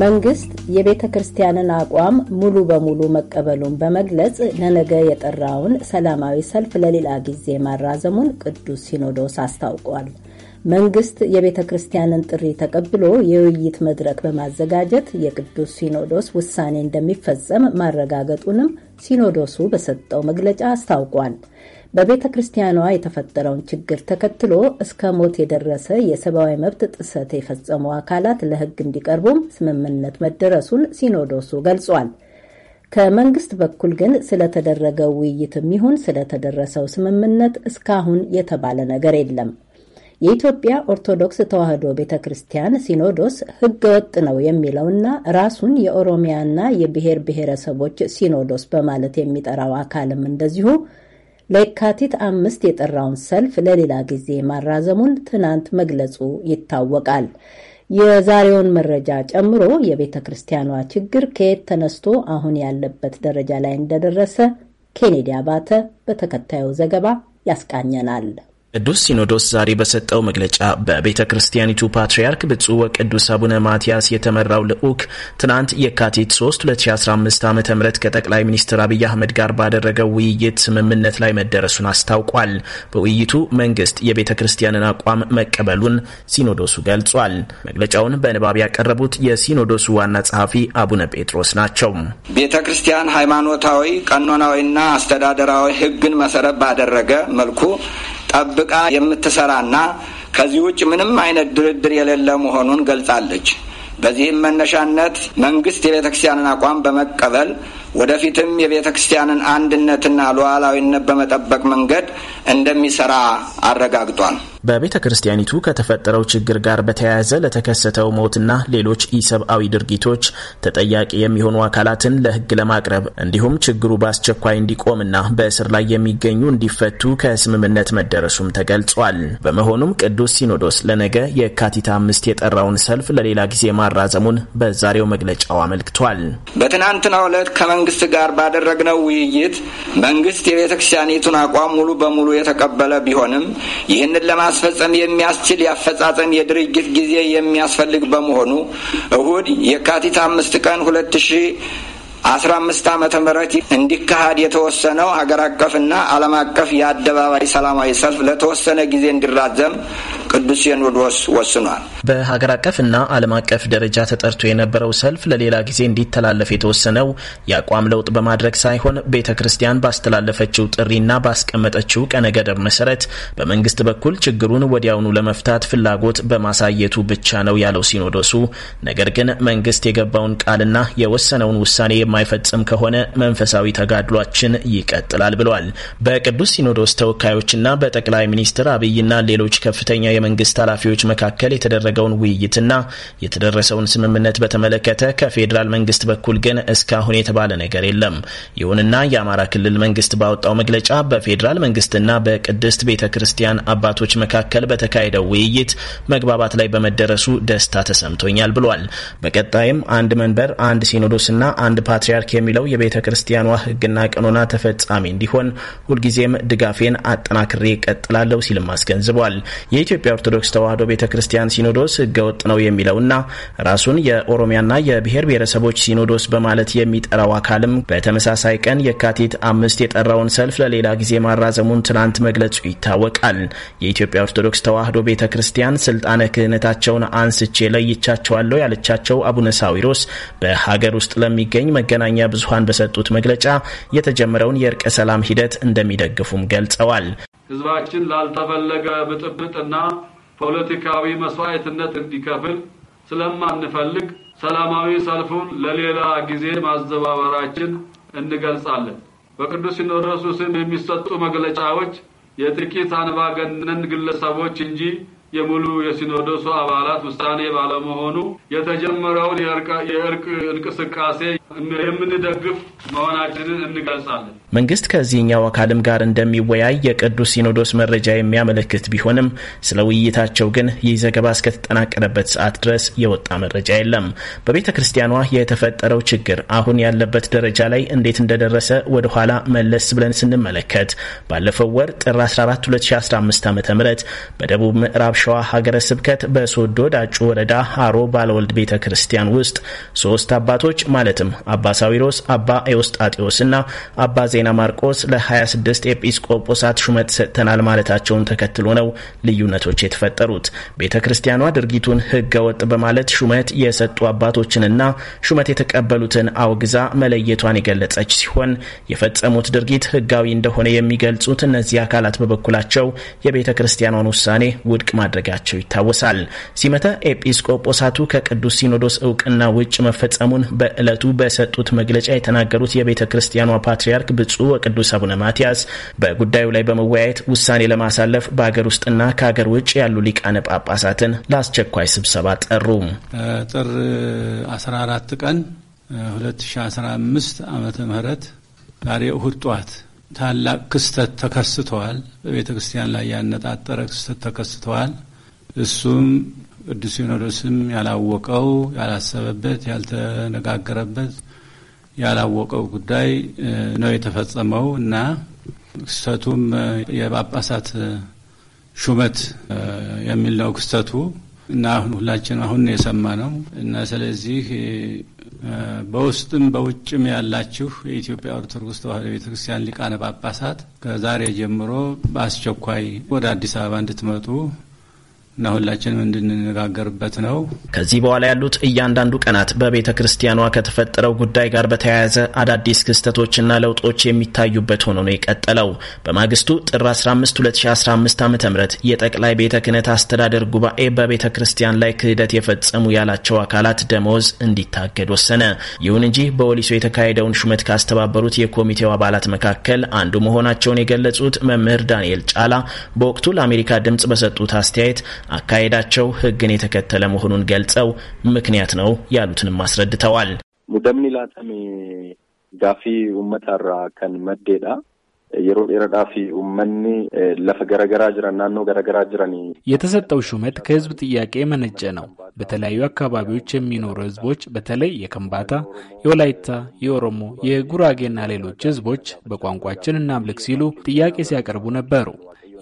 መንግስት የቤተ ክርስቲያንን አቋም ሙሉ በሙሉ መቀበሉን በመግለጽ ለነገ የጠራውን ሰላማዊ ሰልፍ ለሌላ ጊዜ ማራዘሙን ቅዱስ ሲኖዶስ አስታውቋል። መንግስት የቤተ ክርስቲያንን ጥሪ ተቀብሎ የውይይት መድረክ በማዘጋጀት የቅዱስ ሲኖዶስ ውሳኔ እንደሚፈጸም ማረጋገጡንም ሲኖዶሱ በሰጠው መግለጫ አስታውቋል። በቤተ ክርስቲያኗ የተፈጠረውን ችግር ተከትሎ እስከ ሞት የደረሰ የሰብአዊ መብት ጥሰት የፈጸሙ አካላት ለሕግ እንዲቀርቡም ስምምነት መደረሱን ሲኖዶሱ ገልጿል። ከመንግስት በኩል ግን ስለተደረገው ውይይትም ይሁን ስለተደረሰው ስምምነት እስካሁን የተባለ ነገር የለም። የኢትዮጵያ ኦርቶዶክስ ተዋሕዶ ቤተ ክርስቲያን ሲኖዶስ ሕገ ወጥ ነው የሚለውና ራሱን የኦሮሚያና የብሔር ብሔረሰቦች ሲኖዶስ በማለት የሚጠራው አካልም እንደዚሁ ለየካቲት አምስት የጠራውን ሰልፍ ለሌላ ጊዜ ማራዘሙን ትናንት መግለጹ ይታወቃል። የዛሬውን መረጃ ጨምሮ የቤተ ክርስቲያኗ ችግር ከየት ተነስቶ አሁን ያለበት ደረጃ ላይ እንደደረሰ ኬኔዲ አባተ በተከታዩ ዘገባ ያስቃኘናል። ቅዱስ ሲኖዶስ ዛሬ በሰጠው መግለጫ በቤተ ክርስቲያኒቱ ፓትርያርክ ብፁዕ ወቅዱስ አቡነ ማትያስ የተመራው ልዑክ ትናንት የካቲት 3 2015 ዓ ም ከጠቅላይ ሚኒስትር አብይ አህመድ ጋር ባደረገው ውይይት ስምምነት ላይ መደረሱን አስታውቋል። በውይይቱ መንግስት የቤተ ክርስቲያንን አቋም መቀበሉን ሲኖዶሱ ገልጿል። መግለጫውን በንባብ ያቀረቡት የሲኖዶሱ ዋና ጸሐፊ አቡነ ጴጥሮስ ናቸው። ቤተ ክርስቲያን ሃይማኖታዊ፣ ቀኖናዊና አስተዳደራዊ ህግን መሰረት ባደረገ መልኩ ጠብቃ የምትሰራና ከዚህ ውጭ ምንም አይነት ድርድር የሌለ መሆኑን ገልጻለች። በዚህም መነሻነት መንግስት የቤተ ክርስቲያንን አቋም በመቀበል ወደፊትም የቤተ ክርስቲያንን አንድነትና ሉዓላዊነት በመጠበቅ መንገድ እንደሚሰራ አረጋግጧል። በቤተ ክርስቲያኒቱ ከተፈጠረው ችግር ጋር በተያያዘ ለተከሰተው ሞትና ሌሎች ኢሰብአዊ ድርጊቶች ተጠያቂ የሚሆኑ አካላትን ለሕግ ለማቅረብ እንዲሁም ችግሩ በአስቸኳይ እንዲቆምና በእስር ላይ የሚገኙ እንዲፈቱ ከስምምነት መደረሱም ተገልጿል። በመሆኑም ቅዱስ ሲኖዶስ ለነገ የካቲት አምስት የጠራውን ሰልፍ ለሌላ ጊዜ ማራዘሙን በዛሬው መግለጫው አመልክቷል። በትናንትናው ዕለት ከመን ከመንግስት ጋር ባደረግነው ውይይት መንግስት የቤተ ክርስቲያኒቱን አቋም ሙሉ በሙሉ የተቀበለ ቢሆንም ይህንን ለማስፈጸም የሚያስችል ያፈጻጸም የድርጅት ጊዜ የሚያስፈልግ በመሆኑ እሁድ የካቲት አምስት ቀን ሁለት ሺ አስራ አምስት ዓመተ ምህረት እንዲካሄድ የተወሰነው ሀገር አቀፍና ዓለም አቀፍ የአደባባይ ሰላማዊ ሰልፍ ለተወሰነ ጊዜ እንዲራዘም ቅዱስ ሲኖዶስ ወስኗል። በሀገር አቀፍ እና ዓለም አቀፍ ደረጃ ተጠርቶ የነበረው ሰልፍ ለሌላ ጊዜ እንዲተላለፍ የተወሰነው የአቋም ለውጥ በማድረግ ሳይሆን ቤተ ክርስቲያን ባስተላለፈችው ጥሪና ባስቀመጠችው ቀነ ገደብ መሰረት በመንግስት በኩል ችግሩን ወዲያውኑ ለመፍታት ፍላጎት በማሳየቱ ብቻ ነው ያለው ሲኖዶሱ። ነገር ግን መንግስት የገባውን ቃልና የወሰነውን ውሳኔ የማይፈጽም ከሆነ መንፈሳዊ ተጋድሏችን ይቀጥላል ብሏል። በቅዱስ ሲኖዶስ ተወካዮችና በጠቅላይ ሚኒስትር አብይና ሌሎች ከፍተኛ የመንግስት ኃላፊዎች መካከል የተደረገውን ውይይትና የተደረሰውን ስምምነት በተመለከተ ከፌዴራል መንግስት በኩል ግን እስካሁን የተባለ ነገር የለም። ይሁንና የአማራ ክልል መንግስት ባወጣው መግለጫ በፌዴራል መንግስትና በቅድስት ቤተ ክርስቲያን አባቶች መካከል በተካሄደው ውይይት መግባባት ላይ በመደረሱ ደስታ ተሰምቶኛል ብሏል። በቀጣይም አንድ መንበር፣ አንድ ሲኖዶስና አንድ ፓትርያርክ የሚለው የቤተ ክርስቲያኗ ህግና ቀኖና ተፈጻሚ እንዲሆን ሁልጊዜም ድጋፌን አጠናክሬ ቀጥላለሁ ሲልም አስገንዝቧል። የኢትዮጵያ የኢትዮጵያ ኦርቶዶክስ ተዋህዶ ቤተ ክርስቲያን ሲኖዶስ ህገወጥ ነው የሚለውና ራሱን የኦሮሚያና የብሔር ብሔረሰቦች ሲኖዶስ በማለት የሚጠራው አካልም በተመሳሳይ ቀን የካቲት አምስት የጠራውን ሰልፍ ለሌላ ጊዜ ማራዘሙን ትናንት መግለጹ ይታወቃል። የኢትዮጵያ ኦርቶዶክስ ተዋህዶ ቤተ ክርስቲያን ስልጣነ ክህነታቸውን አንስቼ ለይቻቸዋለሁ ያለቻቸው አቡነ ሳዊሮስ በሀገር ውስጥ ለሚገኝ መገናኛ ብዙሀን በሰጡት መግለጫ የተጀመረውን የእርቀ ሰላም ሂደት እንደሚደግፉም ገልጸዋል። ህዝባችን ላልተፈለገ ብጥብጥና ፖለቲካዊ መስዋዕትነት እንዲከፍል ስለማንፈልግ ሰላማዊ ሰልፉን ለሌላ ጊዜ ማዘባበራችን እንገልጻለን። በቅዱስ ሲኖዶሱ ስም የሚሰጡ መግለጫዎች የጥቂት አንባገነን ግለሰቦች እንጂ የሙሉ የሲኖዶሱ አባላት ውሳኔ ባለመሆኑ የተጀመረውን የእርቅ እንቅስቃሴ የምንደግፍ መሆናችንን እንገልጻለን። መንግስት ከዚህኛው አካልም ጋር እንደሚወያይ የቅዱስ ሲኖዶስ መረጃ የሚያመለክት ቢሆንም ስለ ውይይታቸው ግን ይህ ዘገባ እስከተጠናቀረበት ሰዓት ድረስ የወጣ መረጃ የለም። በቤተ ክርስቲያኗ የተፈጠረው ችግር አሁን ያለበት ደረጃ ላይ እንዴት እንደደረሰ ወደኋላ መለስ ብለን ስንመለከት ባለፈው ወር ጥር 14 2015 ዓ ም በደቡብ ምዕራብ ሸዋ ሀገረ ስብከት በሶዶ ዳጩ ወረዳ ሃሮ ባለወልድ ቤተ ክርስቲያን ውስጥ ሶስት አባቶች ማለትም አባ ሳዊሮስ፣ አባ ኤዎስጣቴዎስ እና አባ ዜና ማርቆስ ለ26 ኤጲስቆጶሳት ሹመት ሰጥተናል ማለታቸውን ተከትሎ ነው ልዩነቶች የተፈጠሩት። ቤተ ክርስቲያኗ ድርጊቱን ህገ ወጥ በማለት ሹመት የሰጡ አባቶችንና ሹመት የተቀበሉትን አውግዛ መለየቷን የገለጸች ሲሆን የፈጸሙት ድርጊት ህጋዊ እንደሆነ የሚገልጹት እነዚህ አካላት በበኩላቸው የቤተ ክርስቲያኗን ውሳኔ ውድቅ ማድረጋቸው ይታወሳል። ሲመተ ኤጲስቆጶሳቱ ከቅዱስ ሲኖዶስ እውቅና ውጭ መፈጸሙን በዕለቱ በ በሰጡት መግለጫ የተናገሩት የቤተ ክርስቲያኗ ፓትርያርክ ብፁዕ ወቅዱስ አቡነ ማትያስ በጉዳዩ ላይ በመወያየት ውሳኔ ለማሳለፍ በሀገር ውስጥና ከሀገር ውጭ ያሉ ሊቃነ ጳጳሳትን ለአስቸኳይ ስብሰባ ጠሩ። ጥር 14 ቀን 2015 ዓመተ ምህረት ዛሬ እሁድ ጠዋት ታላቅ ክስተት ተከስተዋል። በቤተ ክርስቲያን ላይ ያነጣጠረ ክስተት ተከስተዋል። እሱም ቅዱስ ሲኖዶስም ያላወቀው ያላሰበበት፣ ያልተነጋገረበት ያላወቀው ጉዳይ ነው የተፈጸመው እና ክስተቱም የጳጳሳት ሹመት የሚል ነው ክስተቱ እና አሁን ሁላችን አሁን የሰማ ነው እና ስለዚህ በውስጥም በውጭም ያላችሁ የኢትዮጵያ ኦርቶዶክስ ተዋሕዶ ቤተ ክርስቲያን ሊቃነ ጳጳሳት ከዛሬ ጀምሮ በአስቸኳይ ወደ አዲስ አበባ እንድትመጡ እና ሁላችንም እንድንነጋገርበት ነው። ከዚህ በኋላ ያሉት እያንዳንዱ ቀናት በቤተ ክርስቲያኗ ከተፈጠረው ጉዳይ ጋር በተያያዘ አዳዲስ ክስተቶችና ለውጦች የሚታዩበት ሆኖ ነው የቀጠለው። በማግስቱ ጥር 15 2015 ዓ ም የጠቅላይ ቤተ ክህነት አስተዳደር ጉባኤ በቤተ ክርስቲያን ላይ ክህደት የፈጸሙ ያላቸው አካላት ደመወዝ እንዲታገድ ወሰነ። ይሁን እንጂ በወሊሶ የተካሄደውን ሹመት ካስተባበሩት የኮሚቴው አባላት መካከል አንዱ መሆናቸውን የገለጹት መምህር ዳንኤል ጫላ በወቅቱ ለአሜሪካ ድምፅ በሰጡት አስተያየት አካሄዳቸው ህግን የተከተለ መሆኑን ገልጸው ምክንያት ነው ያሉትንም አስረድተዋል። ሙደምኒ ላተም ጋፊ ውመታራ ከን መዴዳ የሮ ራፊ ኡመኒ ለፈ ገረገራ ጅረን ናኖ ገረገራ ጅረን የተሰጠው ሹመት ከህዝብ ጥያቄ መነጨ ነው። በተለያዩ አካባቢዎች የሚኖሩ ህዝቦች በተለይ የከምባታ፣ የወላይታ፣ የኦሮሞ፣ የጉራጌና ሌሎች ህዝቦች በቋንቋችን እናምልክ ሲሉ ጥያቄ ሲያቀርቡ ነበሩ።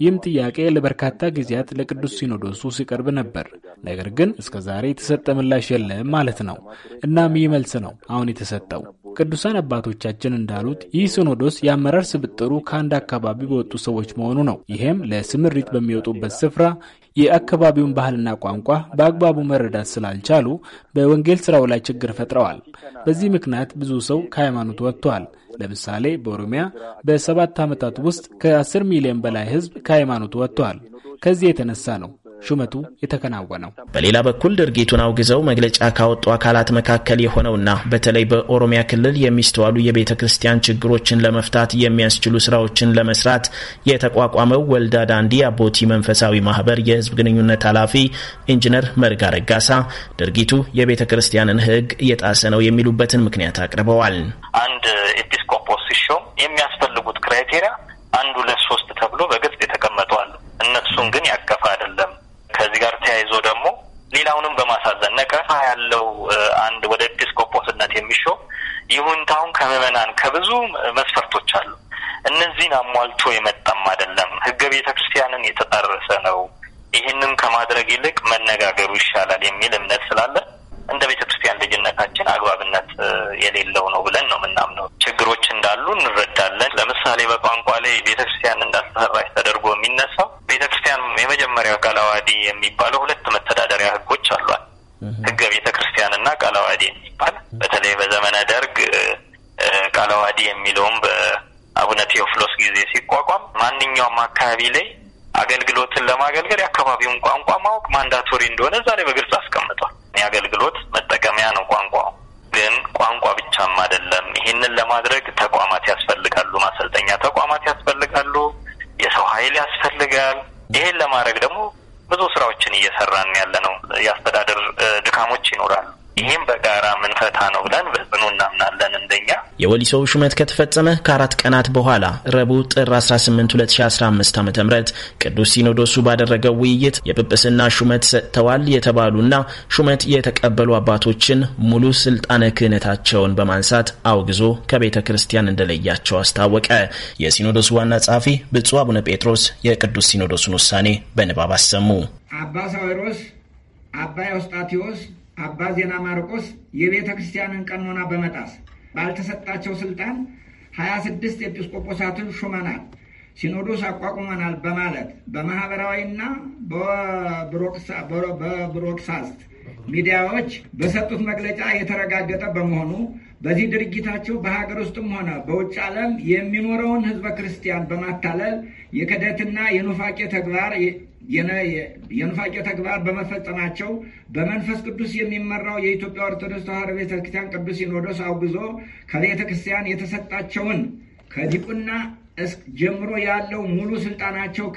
ይህም ጥያቄ ለበርካታ ጊዜያት ለቅዱስ ሲኖዶሱ ሲቀርብ ነበር። ነገር ግን እስከ ዛሬ የተሰጠ ምላሽ የለም ማለት ነው። እናም ይህ መልስ ነው አሁን የተሰጠው። ቅዱሳን አባቶቻችን እንዳሉት ይህ ሲኖዶስ የአመራር ስብጥሩ ከአንድ አካባቢ በወጡ ሰዎች መሆኑ ነው። ይሄም ለስምሪት በሚወጡበት ስፍራ የአካባቢውን ባህልና ቋንቋ በአግባቡ መረዳት ስላልቻሉ በወንጌል ስራው ላይ ችግር ፈጥረዋል። በዚህ ምክንያት ብዙ ሰው ከሃይማኖት ወጥቷል። ለምሳሌ በኦሮሚያ በሰባት ዓመታት ውስጥ ከ10 ሚሊዮን በላይ ህዝብ ከሃይማኖቱ ወጥተዋል። ከዚህ የተነሳ ነው ሹመቱ የተከናወነው። በሌላ በኩል ድርጊቱን አውግዘው መግለጫ ካወጡ አካላት መካከል የሆነውና በተለይ በኦሮሚያ ክልል የሚስተዋሉ የቤተ ክርስቲያን ችግሮችን ለመፍታት የሚያስችሉ ስራዎችን ለመስራት የተቋቋመው ወልዳ ዳንዲ አቦቲ መንፈሳዊ ማህበር የህዝብ ግንኙነት ኃላፊ ኢንጂነር መርጋ ረጋሳ ድርጊቱ የቤተ ክርስቲያንን ህግ እየጣሰ ነው የሚሉበትን ምክንያት አቅርበዋል። አንድ ኤጲስቆጶስ ሲሾም የሚያስፈልጉት ክራይቴሪያ አንዱ ለሶስት ተብሎ በግልጽ የተቀመጠዋል። እነሱን ግን ያቀፈ አይደለም። ከዚህ ጋር ተያይዞ ደግሞ ሌላውንም በማሳዘን ነቀፋ ያለው አንድ ወደ ኤጲስቆጶስነት የሚሾም ይሁንታውን ከምዕመናን ከብዙ መስፈርቶች አሉ። እነዚህን አሟልቶ የመጣም አይደለም። ህገ ቤተ ክርስቲያንን የተጣረሰ ነው። ይህንም ከማድረግ ይልቅ መነጋገሩ ይሻላል የሚል እምነት ስላለ እንደ ቤተ ክርስቲያን ልጅነታችን አግባብነት የሌለው ነው ብለን ነው የምናምነው። ችግሮች እንዳሉ እንረዳለን። ለምሳሌ በቋንቋ ላይ ቤተ ክርስቲያን እንዳልተሰራች ተደርጎ የሚነሳው ቤተ ክርስቲያን የመጀመሪያው ቃለ ዓዋዲ የሚባለው ሁለት መተዳደሪያ ህጎች አሏል። ህገ ቤተ ክርስቲያን እና ቃለ ዓዋዲ የሚባል በተለይ በዘመነ ደርግ ቃለ ዓዋዲ የሚለውም በአቡነ ቴዎፍሎስ ጊዜ ሲቋቋም ማንኛውም አካባቢ ላይ አገልግሎትን ለማገልገል የአካባቢውን ቋንቋ ማወቅ ማንዳቶሪ እንደሆነ እዛ ላይ በግልጽ አስቀምጧል። የአገልግሎት መጠቀሚያ ነው ቋንቋው። ግን ቋንቋ ብቻም አይደለም። ይህንን ለማድረግ ተቋማት ያስፈልጋሉ፣ ማሰልጠኛ ተቋማት ያስፈልጋሉ፣ የሰው ኃይል ያስፈልጋል። ይህን ለማድረግ ደግሞ ብዙ ስራዎችን እየሰራን ያለ ነው። የአስተዳደር ድካሞች ይኖራሉ። ይህም በጋራ ምንፈታ ነው ብለን በጽኑ እናምናለን። እንደኛ የወሊሶው ሹመት ከተፈጸመ ከአራት ቀናት በኋላ ረቡዕ ጥር 18 2015 ዓ ም ቅዱስ ሲኖዶሱ ባደረገው ውይይት የጵጵስና ሹመት ሰጥተዋል የተባሉና ሹመት የተቀበሉ አባቶችን ሙሉ ስልጣነ ክህነታቸውን በማንሳት አውግዞ ከቤተ ክርስቲያን እንደለያቸው አስታወቀ። የሲኖዶሱ ዋና ጸሐፊ ብፁዕ አቡነ ጴጥሮስ የቅዱስ ሲኖዶሱን ውሳኔ በንባብ አሰሙ። አባ ሳዊሮስ፣ አባ ኤዎስጣቴዎስ አባ ዜና ማርቆስ የቤተ ክርስቲያንን ቀኖና በመጣስ ባልተሰጣቸው ስልጣን ሀያ ስድስት ኤጲስቆጶሳትን ሹመናል፣ ሲኖዶስ አቋቁመናል በማለት በማህበራዊና በብሮድካስት ሚዲያዎች በሰጡት መግለጫ የተረጋገጠ በመሆኑ በዚህ ድርጊታቸው በሀገር ውስጥም ሆነ በውጭ ዓለም የሚኖረውን ህዝበ ክርስቲያን በማታለል የክደትና የኑፋቄ ተግባር የኑፋቄ ተግባር በመፈጸማቸው በመንፈስ ቅዱስ የሚመራው የኢትዮጵያ ኦርቶዶክስ ተዋሕዶ ቤተክርስቲያን ቅዱስ ሲኖዶስ አውግዞ ከቤተ ክርስቲያን የተሰጣቸውን ከዲቁና ጀምሮ ያለው ሙሉ ስልጣናቸው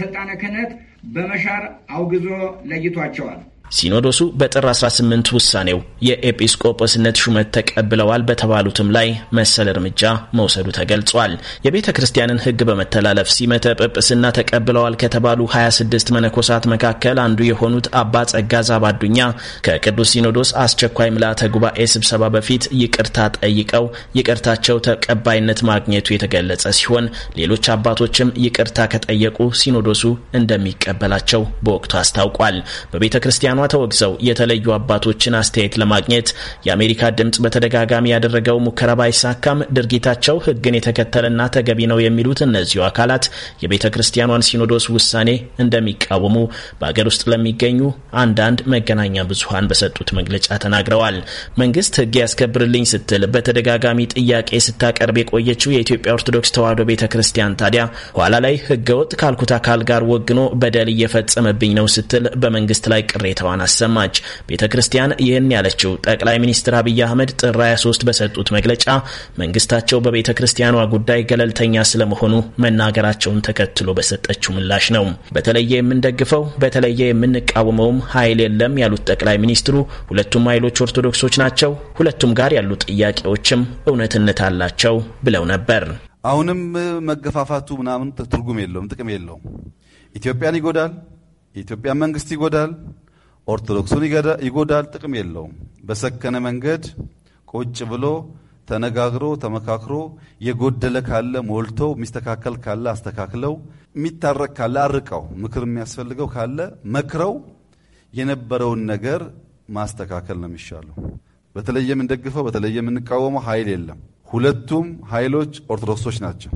ስልጣነ ክህነት በመሻር አውግዞ ለይቷቸዋል። ሲኖዶሱ በጥር 18 ውሳኔው የኤጲስቆጶስነት ሹመት ተቀብለዋል በተባሉትም ላይ መሰል እርምጃ መውሰዱ ተገልጿል። የቤተ ክርስቲያንን ሕግ በመተላለፍ ሲመተ ጵጵስና ተቀብለዋል ከተባሉ 26 መነኮሳት መካከል አንዱ የሆኑት አባ ጸጋ ዛባዱኛ ከቅዱስ ሲኖዶስ አስቸኳይ ምልአተ ጉባኤ ስብሰባ በፊት ይቅርታ ጠይቀው ይቅርታቸው ተቀባይነት ማግኘቱ የተገለጸ ሲሆን ሌሎች አባቶችም ይቅርታ ከጠየቁ ሲኖዶሱ እንደሚቀበላቸው በወቅቱ አስታውቋል። በቤተ ክርስቲያኗ በመቃወሟ ተወግዘው የተለዩ አባቶችን አስተያየት ለማግኘት የአሜሪካ ድምፅ በተደጋጋሚ ያደረገው ሙከራ ባይሳካም ድርጊታቸው ሕግን የተከተለና ተገቢ ነው የሚሉት እነዚሁ አካላት የቤተ ክርስቲያኗን ሲኖዶስ ውሳኔ እንደሚቃወሙ በአገር ውስጥ ለሚገኙ አንዳንድ መገናኛ ብዙሀን በሰጡት መግለጫ ተናግረዋል። መንግስት ሕግ ያስከብርልኝ ስትል በተደጋጋሚ ጥያቄ ስታቀርብ የቆየችው የኢትዮጵያ ኦርቶዶክስ ተዋሕዶ ቤተ ክርስቲያን ታዲያ ኋላ ላይ ወጥ ካልኩት አካል ጋር ወግኖ በደል እየፈጸመብኝ ነው ስትል በመንግስት ላይ ቅሬታዋን ቁጣዋን አሰማች። ቤተ ክርስቲያን ይህን ያለችው ጠቅላይ ሚኒስትር አብይ አህመድ ጥር 23 በሰጡት መግለጫ መንግስታቸው በቤተ ክርስቲያኗ ጉዳይ ገለልተኛ ስለመሆኑ መናገራቸውን ተከትሎ በሰጠችው ምላሽ ነው። በተለየ የምንደግፈው በተለየ የምንቃወመውም ኃይል የለም ያሉት ጠቅላይ ሚኒስትሩ ሁለቱም ኃይሎች ኦርቶዶክሶች ናቸው፣ ሁለቱም ጋር ያሉ ጥያቄዎችም እውነትነት አላቸው ብለው ነበር። አሁንም መገፋፋቱ ምናምን ትርጉም የለውም፣ ጥቅም የለውም። ኢትዮጵያን ይጎዳል፣ የኢትዮጵያን መንግስት ይጎዳል፣ ኦርቶዶክሱን ይጎዳል፣ ጥቅም የለውም። በሰከነ መንገድ ቁጭ ብሎ ተነጋግሮ ተመካክሮ የጎደለ ካለ ሞልቶ የሚስተካከል ካለ አስተካክለው የሚታረቅ ካለ አርቀው ምክር የሚያስፈልገው ካለ መክረው የነበረውን ነገር ማስተካከል ነው የሚሻለው። በተለየ የምንደግፈው በተለየ የምንቃወመው ኃይል የለም። ሁለቱም ኃይሎች ኦርቶዶክሶች ናቸው።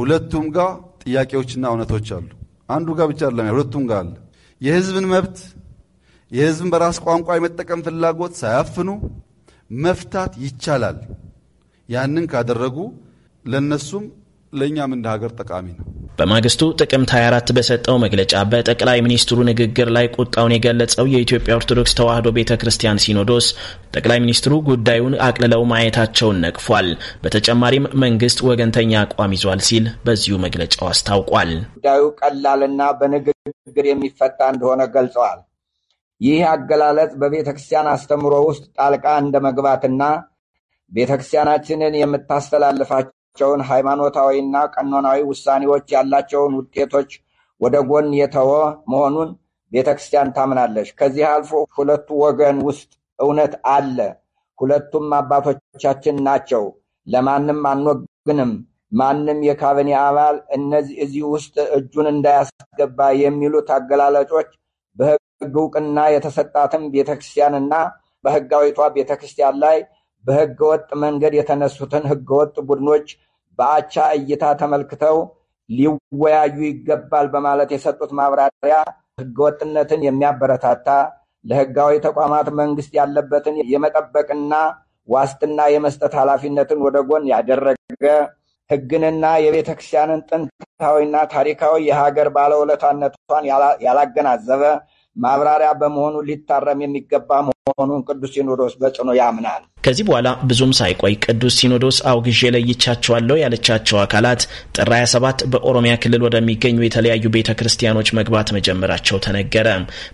ሁለቱም ጋር ጥያቄዎችና እውነቶች አሉ። አንዱ ጋር ብቻ አለ፣ ሁለቱም ጋር አለ። የህዝብን መብት የህዝብን በራስ ቋንቋ የመጠቀም ፍላጎት ሳያፍኑ መፍታት ይቻላል። ያንን ካደረጉ ለነሱም ለእኛም እንደ ሀገር ጠቃሚ ነው። በማግስቱ ጥቅምት 24 በሰጠው መግለጫ በጠቅላይ ሚኒስትሩ ንግግር ላይ ቁጣውን የገለጸው የኢትዮጵያ ኦርቶዶክስ ተዋሕዶ ቤተ ክርስቲያን ሲኖዶስ ጠቅላይ ሚኒስትሩ ጉዳዩን አቅልለው ማየታቸውን ነቅፏል። በተጨማሪም መንግስት ወገንተኛ አቋም ይዟል ሲል በዚሁ መግለጫው አስታውቋል። ጉዳዩ ቀላልና በንግግር የሚፈታ እንደሆነ ገልጸዋል። ይህ አገላለጽ በቤተ ክርስቲያን አስተምሮ ውስጥ ጣልቃ እንደ መግባትና ቤተ ክርስቲያናችንን የምታስተላልፋቸውን ሃይማኖታዊና ቀኖናዊ ውሳኔዎች ያላቸውን ውጤቶች ወደ ጎን የተወ መሆኑን ቤተ ክርስቲያን ታምናለች። ከዚህ አልፎ ሁለቱ ወገን ውስጥ እውነት አለ፣ ሁለቱም አባቶቻችን ናቸው፣ ለማንም አንወግንም፣ ማንም የካቢኔ አባል እነዚህ እዚህ ውስጥ እጁን እንዳያስገባ የሚሉት አገላለጮች ሕግ እውቅና የተሰጣትም ቤተክርስቲያንና በሕጋዊቷ ቤተክርስቲያን ላይ ወጥ መንገድ የተነሱትን ወጥ ቡድኖች በአቻ እይታ ተመልክተው ሊወያዩ ይገባል በማለት የሰጡት ማብራሪያ ወጥነትን የሚያበረታታ ለሕጋዊ ተቋማት መንግስት ያለበትን የመጠበቅና ዋስትና የመስጠት ኃላፊነትን ወደ ጎን ያደረገ ሕግንና የቤተ ክርስቲያንን ጥንታዊና ታሪካዊ የሀገር ባለውለታነቷን ያላገናዘበ ማብራሪያ በመሆኑ ሊታረም የሚገባ መሆኑን ቅዱስ ሲኖዶስ በጽኖ ያምናል። ከዚህ በኋላ ብዙም ሳይቆይ ቅዱስ ሲኖዶስ አውግዤ ለይቻቸዋለሁ ያለቻቸው አካላት ጥር 27 በኦሮሚያ ክልል ወደሚገኙ የተለያዩ ቤተ ክርስቲያኖች መግባት መጀመራቸው ተነገረ።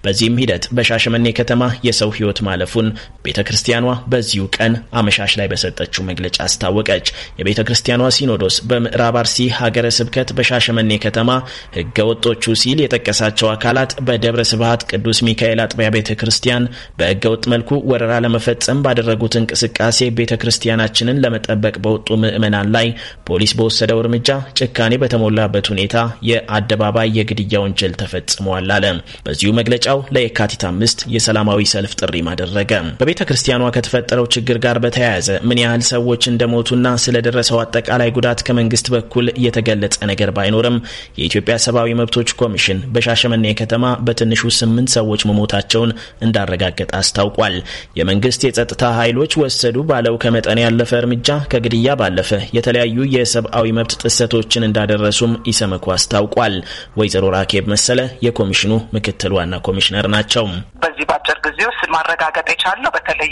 በዚህም ሂደት በሻሸመኔ ከተማ የሰው ሕይወት ማለፉን ቤተ ክርስቲያኗ በዚሁ ቀን አመሻሽ ላይ በሰጠችው መግለጫ አስታወቀች። የቤተ ክርስቲያኗ ሲኖዶስ በምዕራብ አርሲ ሀገረ ስብከት በሻሸመኔ ከተማ ሕገ ወጦቹ ሲል የጠቀሳቸው አካላት በደብረ ስብሃት ቅዱስ ሚካኤል አጥቢያ ቤተ ክርስቲያን በሕገ ወጥ በህገወጥ መልኩ ወረራ ለመፈጸም ባደረጉት እንቅስቃሴ ቤተ ክርስቲያናችንን ለመጠበቅ በወጡ ምዕመናን ላይ ፖሊስ በወሰደው እርምጃ ጭካኔ በተሞላበት ሁኔታ የአደባባይ የግድያ ወንጀል ተፈጽመዋል አለ። በዚሁ መግለጫው ለየካቲት አምስት የሰላማዊ ሰልፍ ጥሪ ማደረገ። በቤተ ክርስቲያኗ ከተፈጠረው ችግር ጋር በተያያዘ ምን ያህል ሰዎች እንደሞቱና ስለደረሰው አጠቃላይ ጉዳት ከመንግስት በኩል የተገለጸ ነገር ባይኖርም የኢትዮጵያ ሰብአዊ መብቶች ኮሚሽን በሻሸመኔ ከተማ በትንሹ ስምንት ሰዎች መሞታቸውን እንዳረጋገጠ አስታውቋል። ታውቋል። የመንግስት የጸጥታ ኃይሎች ወሰዱ ባለው ከመጠን ያለፈ እርምጃ ከግድያ ባለፈ የተለያዩ የሰብአዊ መብት ጥሰቶችን እንዳደረሱም ኢሰመኮ አስታውቋል። ወይዘሮ ራኬብ መሰለ የኮሚሽኑ ምክትል ዋና ኮሚሽነር ናቸው። በዚህ በአጭር ጊዜ ውስጥ ማረጋገጥ የቻለው በተለይ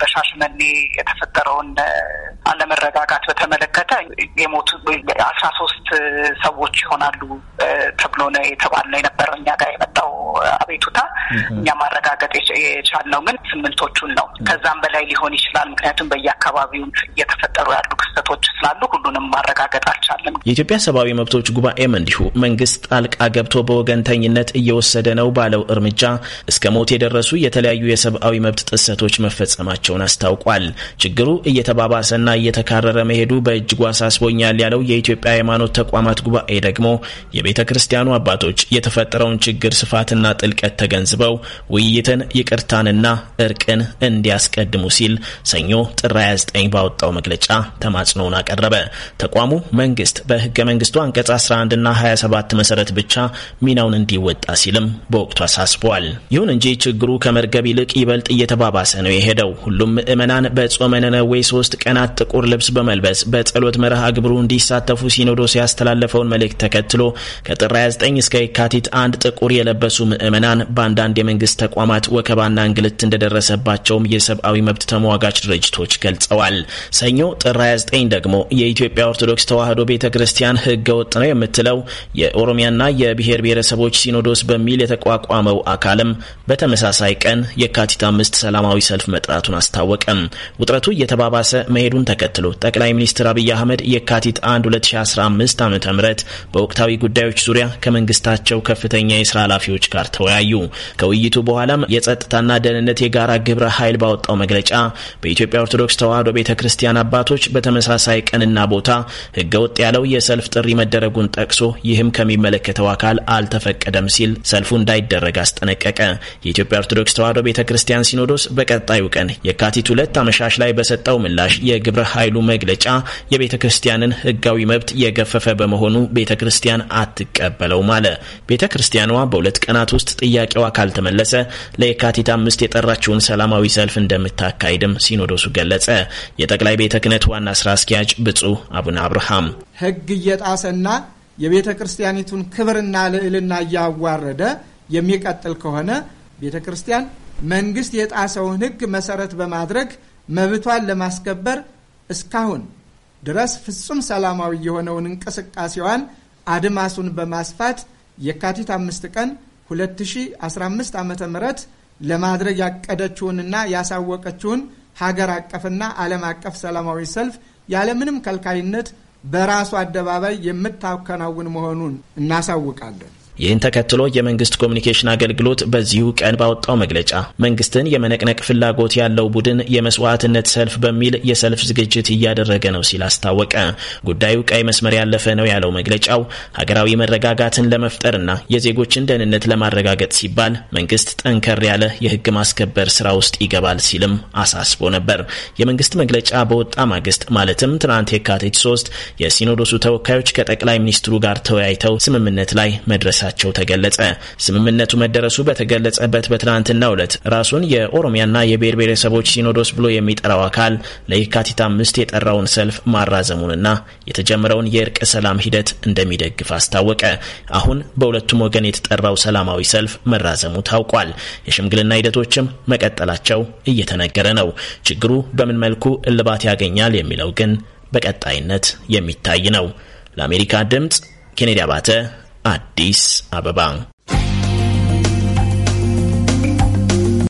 በሻሽመኔ የተፈጠረውን አለመረጋጋት በተመለከተ የሞቱ አስራ ሶስት ሰዎች ይሆናሉ ተብሎ ነው የተባለው የነበረው እኛ ጋር የመጣው አቤቱታ እኛ ማረጋገጥ የቻለው ግን ስምንቶቹን ነው። ከዛም በላይ ሊሆን ይችላል። ምክንያቱም በየአካባቢው እየተፈጠሩ ያሉ ክስተቶች ስላሉ ሁሉንም ማረጋገጥ አልቻለም። የኢትዮጵያ ሰብአዊ መብቶች ጉባኤም እንዲሁ መንግስት ጣልቃ ገብቶ በወገንተኝነት እየወሰደ ነው ባለው እርምጃ እስከ ሞት የደረሱ የተለያዩ የሰብአዊ መብት ጥሰቶች መፈጸማቸውን አስታውቋል። ችግሩ እየተባባሰና እየተካረረ መሄዱ በእጅጉ አሳስቦኛል ያለው የኢትዮጵያ ሃይማኖት ተቋማት ጉባኤ ደግሞ የቤተ ክርስቲያኑ አባቶች የተፈጠረውን ችግር ስፋትና ጥልቀት ተገንዝበው ውይይትን፣ ይቅርታንና እርቅን እንዲያስቀድሙ ሲል ሰኞ ጥር 29 ባወጣው መግለጫ ተማ ተማጽኖውን አቀረበ። ተቋሙ መንግስት በህገ መንግስቱ አንቀጽ 11 እና 27 መሰረት ብቻ ሚናውን እንዲወጣ ሲልም በወቅቱ አሳስቧል። ይሁን እንጂ ችግሩ ከመርገብ ይልቅ ይበልጥ እየተባባሰ ነው የሄደው። ሁሉም ምዕመናን በጾመ ነነዌ ሶስት ቀናት ጥቁር ልብስ በመልበስ በጸሎት መርሃ ግብሩ እንዲሳተፉ ሲኖዶስ ያስተላለፈውን መልእክት ተከትሎ ከጥር 29 እስከ የካቲት አንድ ጥቁር የለበሱ ምዕመናን በአንዳንድ የመንግስት ተቋማት ወከባና እንግልት እንደደረሰባቸውም የሰብአዊ መብት ተሟጋች ድርጅቶች ገልጸዋል። ሰኞ ጥር ዘጠኝ ደግሞ የኢትዮጵያ ኦርቶዶክስ ተዋሕዶ ቤተ ክርስቲያን ህገ ወጥ ነው የምትለው የኦሮሚያና የብሔር ብሔረሰቦች ሲኖዶስ በሚል የተቋቋመው አካልም በተመሳሳይ ቀን የካቲት አምስት ሰላማዊ ሰልፍ መጥራቱን አስታወቀም። ውጥረቱ እየተባባሰ መሄዱን ተከትሎ ጠቅላይ ሚኒስትር አብይ አህመድ የካቲት 1 2015 ዓ ም በወቅታዊ ጉዳዮች ዙሪያ ከመንግስታቸው ከፍተኛ የስራ ኃላፊዎች ጋር ተወያዩ። ከውይይቱ በኋላም የጸጥታና ደህንነት የጋራ ግብረ ኃይል ባወጣው መግለጫ በኢትዮጵያ ኦርቶዶክስ ተዋህዶ ቤተ ክርስቲያን አባቶች በተመ ተመሳሳይ ቀንና ቦታ ህገወጥ ያለው የሰልፍ ጥሪ መደረጉን ጠቅሶ ይህም ከሚመለከተው አካል አልተፈቀደም ሲል ሰልፉ እንዳይደረግ አስጠነቀቀ። የኢትዮጵያ ኦርቶዶክስ ተዋሕዶ ቤተ ክርስቲያን ሲኖዶስ በቀጣዩ ቀን የካቲት ሁለት አመሻሽ ላይ በሰጠው ምላሽ የግብረ ኃይሉ መግለጫ የቤተ ክርስቲያንን ህጋዊ መብት የገፈፈ በመሆኑ ቤተ ክርስቲያን አትቀበለውም አለ። ቤተ ክርስቲያኗ በሁለት ቀናት ውስጥ ጥያቄዋ ካልተመለሰ ለየካቲት አምስት የጠራችውን ሰላማዊ ሰልፍ እንደምታካሂድም ሲኖዶሱ ገለጸ። የጠቅላይ ቤተ ክህነት ዋና ስራ አስኪያጅ ብፁዕ አቡነ አብርሃም ሕግ እየጣሰና የቤተ ክርስቲያኒቱን ክብርና ልዕልና እያዋረደ የሚቀጥል ከሆነ ቤተ ክርስቲያን መንግስት የጣሰውን ሕግ መሰረት በማድረግ መብቷን ለማስከበር እስካሁን ድረስ ፍጹም ሰላማዊ የሆነውን እንቅስቃሴዋን አድማሱን በማስፋት የካቲት አምስት ቀን 2015 ዓ ም ለማድረግ ያቀደችውንና ያሳወቀችውን ሀገር አቀፍና ዓለም አቀፍ ሰላማዊ ሰልፍ ያለምንም ከልካይነት በራሱ አደባባይ የምታከናውን መሆኑን እናሳውቃለን። ይህን ተከትሎ የመንግስት ኮሚኒኬሽን አገልግሎት በዚሁ ቀን ባወጣው መግለጫ መንግስትን የመነቅነቅ ፍላጎት ያለው ቡድን የመስዋዕትነት ሰልፍ በሚል የሰልፍ ዝግጅት እያደረገ ነው ሲል አስታወቀ። ጉዳዩ ቀይ መስመር ያለፈ ነው ያለው መግለጫው ሀገራዊ መረጋጋትን ለመፍጠርና የዜጎችን ደህንነት ለማረጋገጥ ሲባል መንግስት ጠንከር ያለ የህግ ማስከበር ስራ ውስጥ ይገባል ሲልም አሳስቦ ነበር። የመንግስት መግለጫ በወጣ ማግስት ማለትም ትናንት የካቲት ሶስት የሲኖዶሱ ተወካዮች ከጠቅላይ ሚኒስትሩ ጋር ተወያይተው ስምምነት ላይ መድረሳቸው መያዛቸው ተገለጸ። ስምምነቱ መደረሱ በተገለጸበት በትናንትናው ዕለት ራሱን የኦሮሚያና የብሔር ብሔረሰቦች ሲኖዶስ ብሎ የሚጠራው አካል ለየካቲት አምስት የጠራውን ሰልፍ ማራዘሙንና የተጀመረውን የእርቅ ሰላም ሂደት እንደሚደግፍ አስታወቀ። አሁን በሁለቱም ወገን የተጠራው ሰላማዊ ሰልፍ መራዘሙ ታውቋል። የሽምግልና ሂደቶችም መቀጠላቸው እየተነገረ ነው። ችግሩ በምን መልኩ እልባት ያገኛል የሚለው ግን በቀጣይነት የሚታይ ነው። ለአሜሪካ ድምጽ ኬኔዲ አባተ አዲስ አበባ